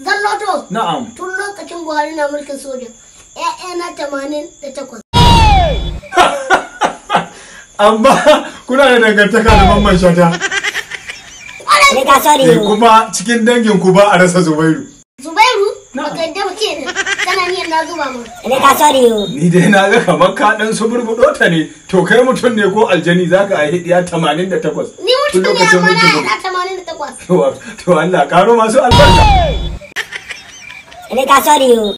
Zalloto. Na'am. Tun lokacin Buhari na mulkin soja. ‘Ya'yana tamanin da takwas. Amma kuna da dangantaka da mamman shata. Kwarai. Eh, kuma cikin dangin ku ba a rasa Zubairu. Zubairu? Baka yadda ba ke ne. Kana ni na zuba mu. Ne ka sori yo. Ni dai na ga kamar ka dan suburbuɗo ta ne. To kai mutum ne ko aljani zaka a hidiya 88. Ni mutum ne amma na 88. To Allah karo masu albarka. 你搞笑的哟！